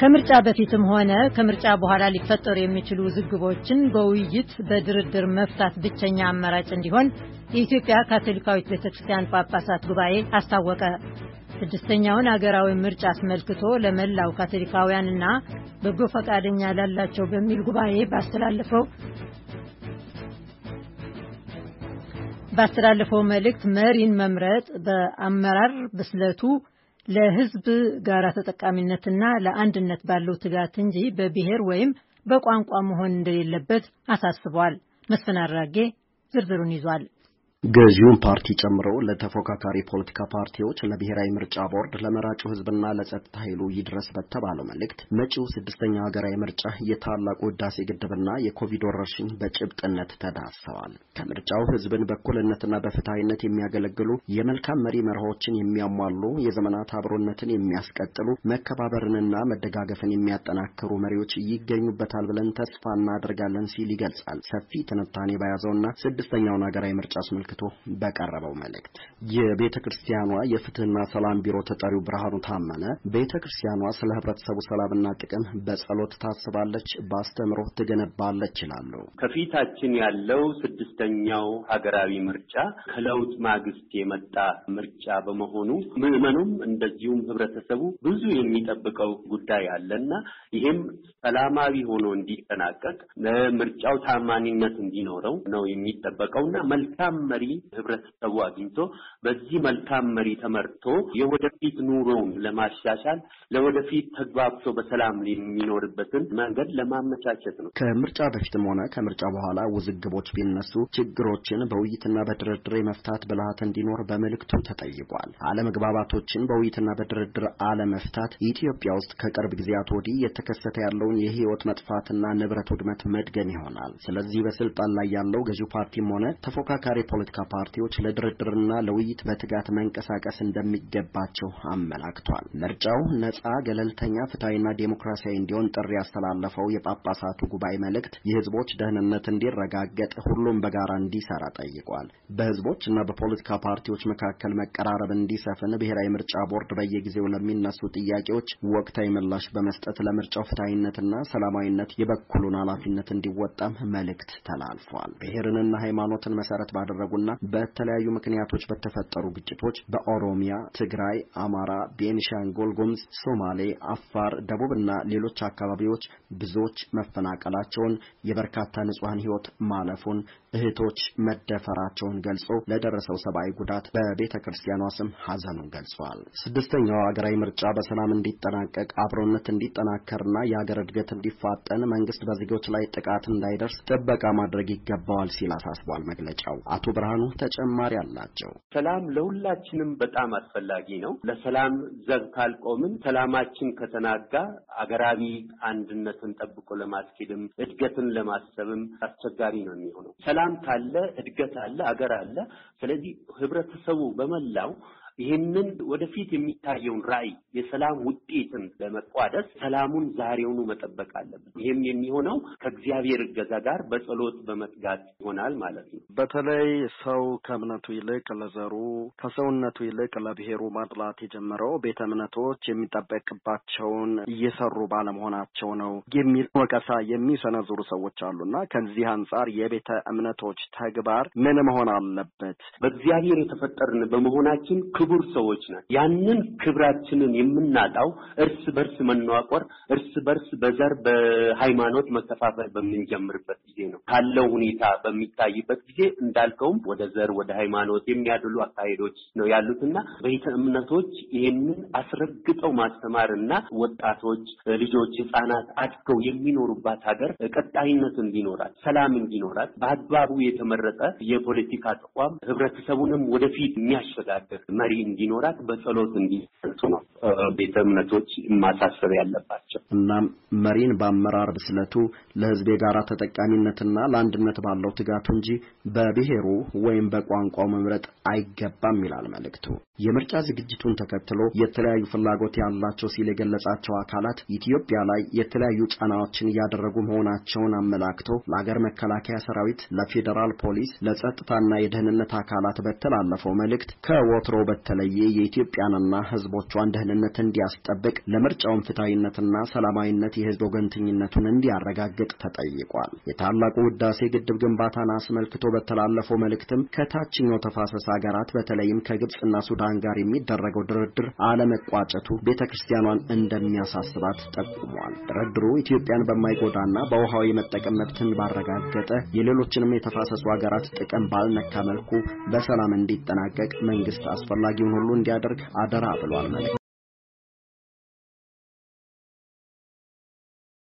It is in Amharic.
ከምርጫ በፊትም ሆነ ከምርጫ በኋላ ሊፈጠሩ የሚችሉ ውዝግቦችን በውይይት በድርድር መፍታት ብቸኛ አማራጭ እንዲሆን የኢትዮጵያ ካቶሊካዊት ቤተ ክርስቲያን ጳጳሳት ጉባኤ አስታወቀ። ስድስተኛውን አገራዊ ምርጫ አስመልክቶ ለመላው ካቶሊካውያንና በጎ ፈቃደኛ ላላቸው በሚል ጉባኤ ባስተላለፈው ባስተላለፈው መልእክት መሪን መምረጥ በአመራር ብስለቱ ለሕዝብ ጋራ ተጠቃሚነትና ለአንድነት ባለው ትጋት እንጂ በብሔር ወይም በቋንቋ መሆን እንደሌለበት አሳስቧል። መስፍን አራጌ ዝርዝሩን ይዟል። ገዢውን ፓርቲ ጨምሮ ለተፎካካሪ ፖለቲካ ፓርቲዎች፣ ለብሔራዊ ምርጫ ቦርድ፣ ለመራጩ ህዝብና ለጸጥታ ኃይሉ ይድረስ በተባለው መልእክት መጪው ስድስተኛ ሀገራዊ ምርጫ የታላቁ ህዳሴ ግድብና የኮቪድ ወረርሽኝ በጭብጥነት ተዳሰዋል። ከምርጫው ህዝብን በኩልነትና በፍትሐዊነት የሚያገለግሉ የመልካም መሪ መርሆችን የሚያሟሉ የዘመናት አብሮነትን የሚያስቀጥሉ መከባበርንና መደጋገፍን የሚያጠናክሩ መሪዎች ይገኙበታል ብለን ተስፋ እናደርጋለን ሲል ይገልጻል። ሰፊ ትንታኔ በያዘውና ስድስተኛውን ሀገራዊ ምርጫ አስመልክ አስመልክቶ በቀረበው መልእክት የቤተ ክርስቲያኗ የፍትህና ሰላም ቢሮ ተጠሪው ብርሃኑ ታመነ ቤተ ክርስቲያኗ ስለ ህብረተሰቡ ሰላምና ጥቅም በጸሎት ታስባለች፣ በአስተምሮ ትገነባለች ይላሉ። ከፊታችን ያለው ስድስተኛው ሀገራዊ ምርጫ ከለውጥ ማግስት የመጣ ምርጫ በመሆኑ ምዕመኑም እንደዚሁም ህብረተሰቡ ብዙ የሚጠብቀው ጉዳይ አለና ይህም ሰላማዊ ሆኖ እንዲጠናቀቅ ለምርጫው ታማኒነት እንዲኖረው ነው የሚጠበቀውና መልካም መሪ መሪ ህብረተሰቡ አግኝቶ በዚህ መልካም መሪ ተመርቶ የወደፊት ኑሮውን ለማሻሻል ለወደፊት ተግባብቶ በሰላም የሚኖርበትን መንገድ ለማመቻቸት ነው። ከምርጫ በፊትም ሆነ ከምርጫ በኋላ ውዝግቦች ቢነሱ ችግሮችን በውይይትና በድርድር የመፍታት ብልሃት እንዲኖር በመልእክቱ ተጠይቋል። አለመግባባቶችን በውይይትና በድርድር አለመፍታት ኢትዮጵያ ውስጥ ከቅርብ ጊዜያት ወዲህ የተከሰተ ያለውን የህይወት መጥፋትና ንብረት ውድመት መድገም ይሆናል። ስለዚህ በስልጣን ላይ ያለው ገዢው ፓርቲም ሆነ ተፎካካሪ ፖለቲ የፖለቲካ ፓርቲዎች ለድርድርና ለውይይት በትጋት መንቀሳቀስ እንደሚገባቸው አመላክቷል። ምርጫው ነጻ፣ ገለልተኛ፣ ፍትሐዊና ዴሞክራሲያዊ እንዲሆን ጥሪ ያስተላለፈው የጳጳሳቱ ጉባኤ መልእክት የህዝቦች ደህንነት እንዲረጋገጥ ሁሉም በጋራ እንዲሰራ ጠይቋል። በህዝቦች እና በፖለቲካ ፓርቲዎች መካከል መቀራረብ እንዲሰፍን ብሔራዊ ምርጫ ቦርድ በየጊዜው ለሚነሱ ጥያቄዎች ወቅታዊ ምላሽ በመስጠት ለምርጫው ፍትሐዊነትና ሰላማዊነት የበኩሉን ኃላፊነት እንዲወጣም መልእክት ተላልፏል። ብሔርንና ሃይማኖትን መሰረት ባደረጉ በነበሩና በተለያዩ ምክንያቶች በተፈጠሩ ግጭቶች በኦሮሚያ፣ ትግራይ፣ አማራ፣ ቤኒሻንጉል ጉምዝ፣ ሶማሌ፣ አፋር፣ ደቡብና ሌሎች አካባቢዎች ብዙዎች መፈናቀላቸውን የበርካታ ንጹሐን ሕይወት ማለፉን እህቶች መደፈራቸውን ገልጾ ለደረሰው ሰብአዊ ጉዳት በቤተ ክርስቲያኗ ስም ሐዘኑን ገልጿል። ስድስተኛው አገራዊ ምርጫ በሰላም እንዲጠናቀቅ አብሮነት እንዲጠናከርና የአገር እድገት እንዲፋጠን መንግስት በዜጎች ላይ ጥቃት እንዳይደርስ ጥበቃ ማድረግ ይገባዋል ሲል አሳስቧል መግለጫው። አቶ ብርሃ ብርሃኑ ተጨማሪ አላቸው። ሰላም ለሁላችንም በጣም አስፈላጊ ነው። ለሰላም ዘብ ካልቆምን፣ ሰላማችን ከተናጋ አገራዊ አንድነትን ጠብቆ ለማስኬድም እድገትን ለማሰብም አስቸጋሪ ነው የሚሆነው። ሰላም ካለ እድገት አለ፣ አገር አለ። ስለዚህ ህብረተሰቡ በመላው ይህንን ወደፊት የሚታየውን ራዕይ የሰላም ውጤትን ለመቋደስ ሰላሙን ዛሬውኑ መጠበቅ አለብን። ይህም የሚሆነው ከእግዚአብሔር እገዛ ጋር በጸሎት በመትጋት ይሆናል ማለት ነው። በተለይ ሰው ከእምነቱ ይልቅ ለዘሩ፣ ከሰውነቱ ይልቅ ለብሔሩ ማጥላት የጀመረው ቤተ እምነቶች የሚጠበቅባቸውን እየሰሩ ባለመሆናቸው ነው የሚል ወቀሳ የሚሰነዝሩ ሰዎች አሉና ከዚህ አንጻር የቤተ እምነቶች ተግባር ምን መሆን አለበት? በእግዚአብሔር የተፈጠርን በመሆናችን ክቡር ሰዎች ነን። ያንን ክብራችንን የምናጣው እርስ በርስ መኗቆር፣ እርስ በርስ በዘር በሃይማኖት መከፋፈል በምንጀምርበት ጊዜ ነው። ካለው ሁኔታ በሚታይበት ጊዜ እንዳልከውም ወደ ዘር ወደ ሃይማኖት የሚያድሉ አካሄዶች ነው ያሉትና ቤተ እምነቶች ይህንን አስረግጠው ማስተማር እና ወጣቶች፣ ልጆች፣ ህጻናት አድገው የሚኖሩባት ሀገር ቀጣይነት እንዲኖራት፣ ሰላም እንዲኖራት በአግባቡ የተመረጠ የፖለቲካ ተቋም ህብረተሰቡንም ወደፊት የሚያሸጋግር መሪ መሪ እንዲኖራት በጸሎት እንዲሰጡ ነው ቤተ እምነቶች ማሳሰብ ያለባቸው። እናም መሪን በአመራር ብስለቱ ለህዝብ የጋራ ተጠቃሚነትና ለአንድነት ባለው ትጋቱ እንጂ በብሔሩ ወይም በቋንቋው መምረጥ አይገባም ይላል መልእክቱ። የምርጫ ዝግጅቱን ተከትሎ የተለያዩ ፍላጎት ያላቸው ሲል የገለጻቸው አካላት ኢትዮጵያ ላይ የተለያዩ ጫናዎችን እያደረጉ መሆናቸውን አመላክቶ ለአገር መከላከያ ሰራዊት፣ ለፌዴራል ፖሊስ፣ ለጸጥታና የደህንነት አካላት በተላለፈው መልእክት ከወትሮ በተለየ የኢትዮጵያንና ህዝቦቿን ደህንነት እንዲያስጠብቅ ለምርጫውም ፍትሐዊነትና ሰላማዊነት የህዝብ ወገንተኝነቱን እንዲያረጋግጥ ተጠይቋል። የታላቁ ህዳሴ ግድብ ግንባታን አስመልክቶ በተላለፈው መልእክትም ከታችኛው ተፋሰስ ሀገራት በተለይም ከግብፅና ሱዳን ጋር የሚደረገው ድርድር አለመቋጨቱ ቤተ ክርስቲያኗን እንደሚያሳስባት ጠቁሟል። ድርድሩ ኢትዮጵያን በማይጎዳና በውሃው የመጠቀም መብትን ባረጋገጠ የሌሎችንም የተፋሰሱ ሀገራት ጥቅም ባልነካ መልኩ በሰላም እንዲጠናቀቅ መንግስት አስፈላጊ አስፈላጊውን ሁሉ እንዲያደርግ አደራ ብሏል።